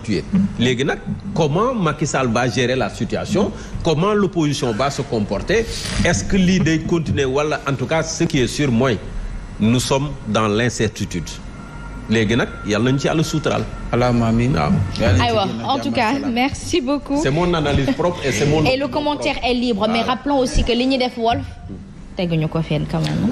tuer les comment Macky va gérer la situation comment l'opposition va se comporter est-ce que l'idée continue voilà en tout cas ce qui est sûr moi nous sommes dans l'incertitude les soutral. en tout cas merci beaucoup. c'est mon analyse propre et c'est mon. et le commentaire est libre mais rappelons aussi que li quand même.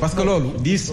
parce que 10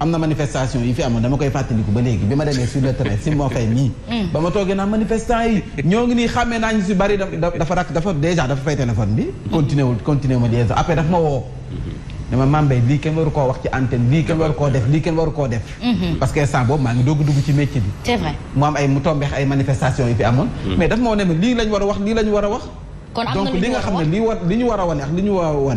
am na manifestation yi fi amoon dama koy fàttaliku ba léegi bi ma demee sur le terrain si moo fay nii. Mm. ba ma toogee naa manifestant yi ñoo ngi nii xàmmee naa ñu si bari dafa déjà dafa fay téléphone bi. Mm-hmm. continué wul continué ma liaison après daf ma mm-hmm. koo wax ci antenne lii kenn waru koo def lii kenn koo def. Mm-hmm. parce que instant boobu maa ngi doog dugg ci métier bi. c'est vrai mu am ay mu tombeex ay manifestation yi fi amoon. mais daf ma woo ma lii lañ war a wax lii lañ war a wax. kon am a donc li nga xam ne war li ñu war a wane ak li ñu war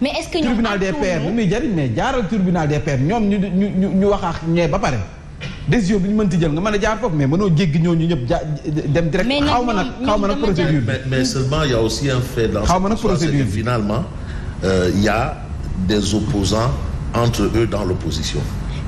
mais est-ce que le tribunal des pères tribunal des pères nous ñu ñu ñu ba décision mais procédure y' a aussi un fait dans finalement euh, il y a des opposants entre eux dans l'opposition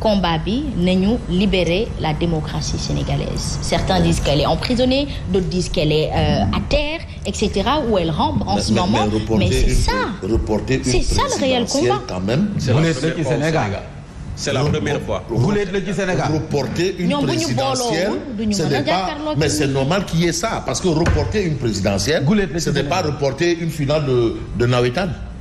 combat nous libérer la démocratie sénégalaise certains disent qu'elle est emprisonnée d'autres disent qu'elle est euh, à terre etc où elle rampe en ce moment mais c'est ça c'est ça le réel combat quand même c'est la première fois. reporter une présidentielle ce pas mais c'est normal qu'il y ait ça parce que reporter une présidentielle. ce n'est pas reporter une finale de de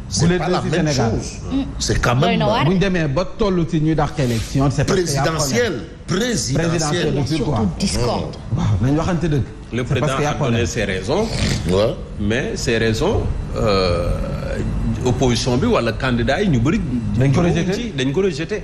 c'est pas la même Sénégal. chose. Mm. C'est quand même. bu ñu demee ba toll ci ñuy dàq élection. c'est présidentielle présidentielle de surtout discorde. waaw nañu waxante dëgg. le président a donné ses raisons. Ouais. mais ces raisons euh, opposition bi wala candidat yi ñu bëri. dañ ko rejeté dañ ko rejeté.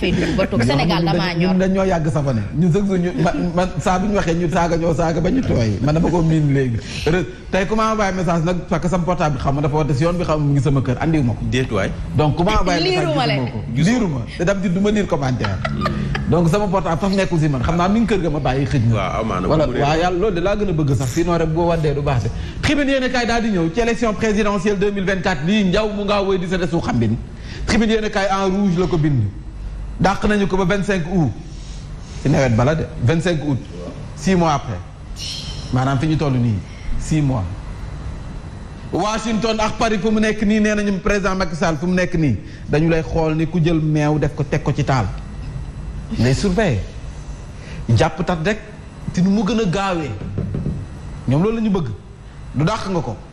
fee dugg ba toog Sénégal saa bu ñu waxee ñu saaga ñoo saaga ba ñu tooy man dama yoon bi xam mu gën a bëgg sax sinon rek boo wandee du baax de tribune yéen kaay daal di ñëw ci élection présidentielle 2024 lii njaw mu ngaa woy di sa desu xam bin tribune yéen kaay en rouge la ko bind dàq nañu ko ba vingt cinq bala de vingt cinq mois après maanaam fi ñu toll nii six mois Washington ak Paris fu mu nekk nii nee nañu président Macky Sall fu mu nekk nii dañu lay xool ni ku jël meew def ko teg ko ci taal ngay surveiller jàpp tat rek te nu mu gën a gaawee ñoom loolu la ñu bëgg lu dàq nga ko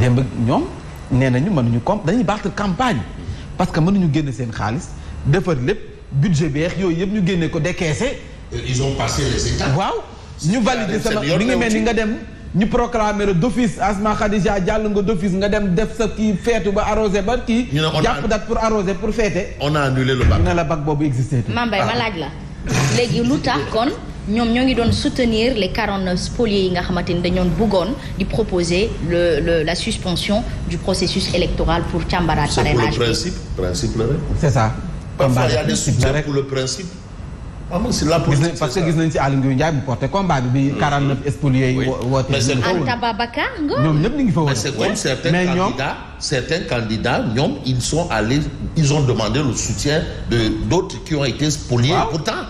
démb ñoom nee nañu mënuñu com dañuy battre campagne parce que mënuñu génn seen xaalis defar lépp budget beex yooyu yëpp ñu génne ko décaissé. Euh, ils ont passé les étapes. waaw ñu validé sama mi ngi mel nga dem. ñu proclamer le d'office Asma Khadija jàll nga d'office nga dem def sa kii feetu ba arrosé ba kii. ñu jàpp date pour arroser pour féete. on a la bac boobu existé. Mame Mbaye ma ah. laaj la léegi lu tax kon. ñoom ñoo ngi doon soutenir les 49 spoliés yi nga xamante ni dañoon di proposer le, la suspension du processus électoral pour càmbaraat parrainage c'est pour le principe principe c'est ça. Il y a des soutiens pour le principe. Ah, parce que gis nañ si Aly bu porté combat 49 spoliés mais c'est comme certains candidats certains candidats ils sont allés ils ont demandé le soutien de d'autres qui ont été spoliés pourtant.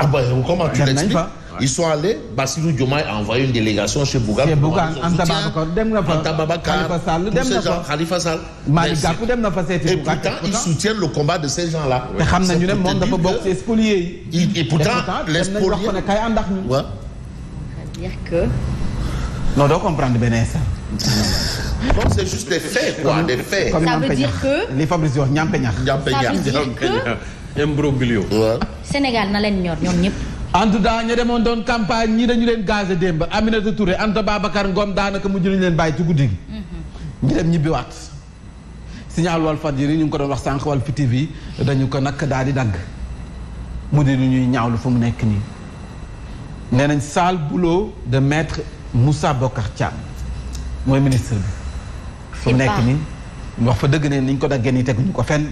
Ah bah, comment tu l'expliques ils sont allés, Basilou Diomaye a envoyé une délégation chez Bouga. Chez Bouga, Khalifa Sall. Et pourtant, ils soutiennent le combat de ces gens-là. Et pourtant, les spoliés. dire que. on Donc c'est juste des faits, quoi, Ça veut dire que. Les imbroglio. waaw Sénégal na leen ñor ñoom ñëpp. en tout cas demoon doon campagne ñii dañu leen gazé démb Aminata Touré Anta Babacar Ngom daanaka mujj nañu leen bàyyi ci guddi mhm. ñu dem ñibbiwaat. signal Walf ñu ngi ko doon wax sànq Walf TV dañu ko nag daal di dagg mu di lu ñuy ñaawlu fu mu nekk nii. nee nañ sale boulot de maître mussa Bokar ca mooy ministre bi. fu mu nekk nii wax fa dëgg ne ni ko daggee nii teguñu ko fenn.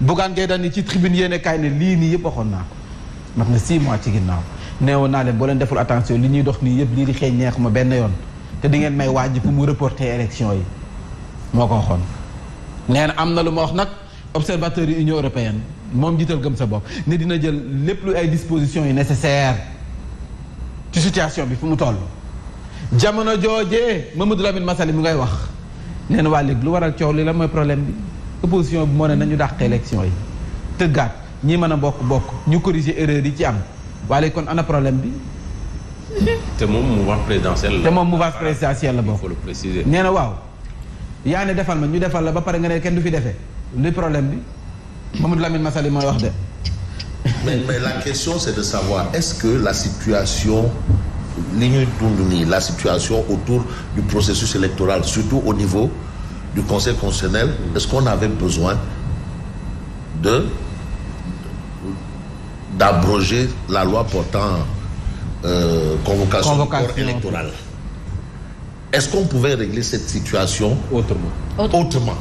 Bougane Gueye Dany ci tribune yéene kaay ne lii nii yëpp waxoon naa ko mat na six mois ci ginnaaw neewoon naa leen boo leen deful attention li ñuy dox nii yëpp lii di xëy neexu ma benn yoon te di ngeen may waaj pour mu reporter élection yi moo ko waxoon nee na am na lu ma wax nag observateur yi union européenne moom jiital gëm sa bopp ne dina jël lépp lu ay dispositions yu nécessaire ci situation bi fu mu toll jamono joojee Mamadou Lamine Massaly mi ngay wax nee na waa léegi lu waral coow li la mooy problème bi opposition bi moo ne nañu dàq élection yi tëggaat ñi mën a bokk bokk ñu corriger erreur yi ci am waaye kon ana problème bi. te moom mouvance présidentiel la. te moom mouvance présidentiel la bokk. faut le préciser. nee na waaw yaa ne defal ma ñu defal la ba pare nga ne kenn du fi defee Le problème bi Mamadou Lamine Massaly mooy wax de. mais mais la question c'est de savoir est-ce que la situation. li ñuy dund nii la situation autour du processus électoral surtout au niveau du Conseil constitutionnel, est-ce qu'on avait besoin de d'abroger la loi portant euh, convocation, électorale Est-ce qu'on pouvait régler cette situation autrement, autrement.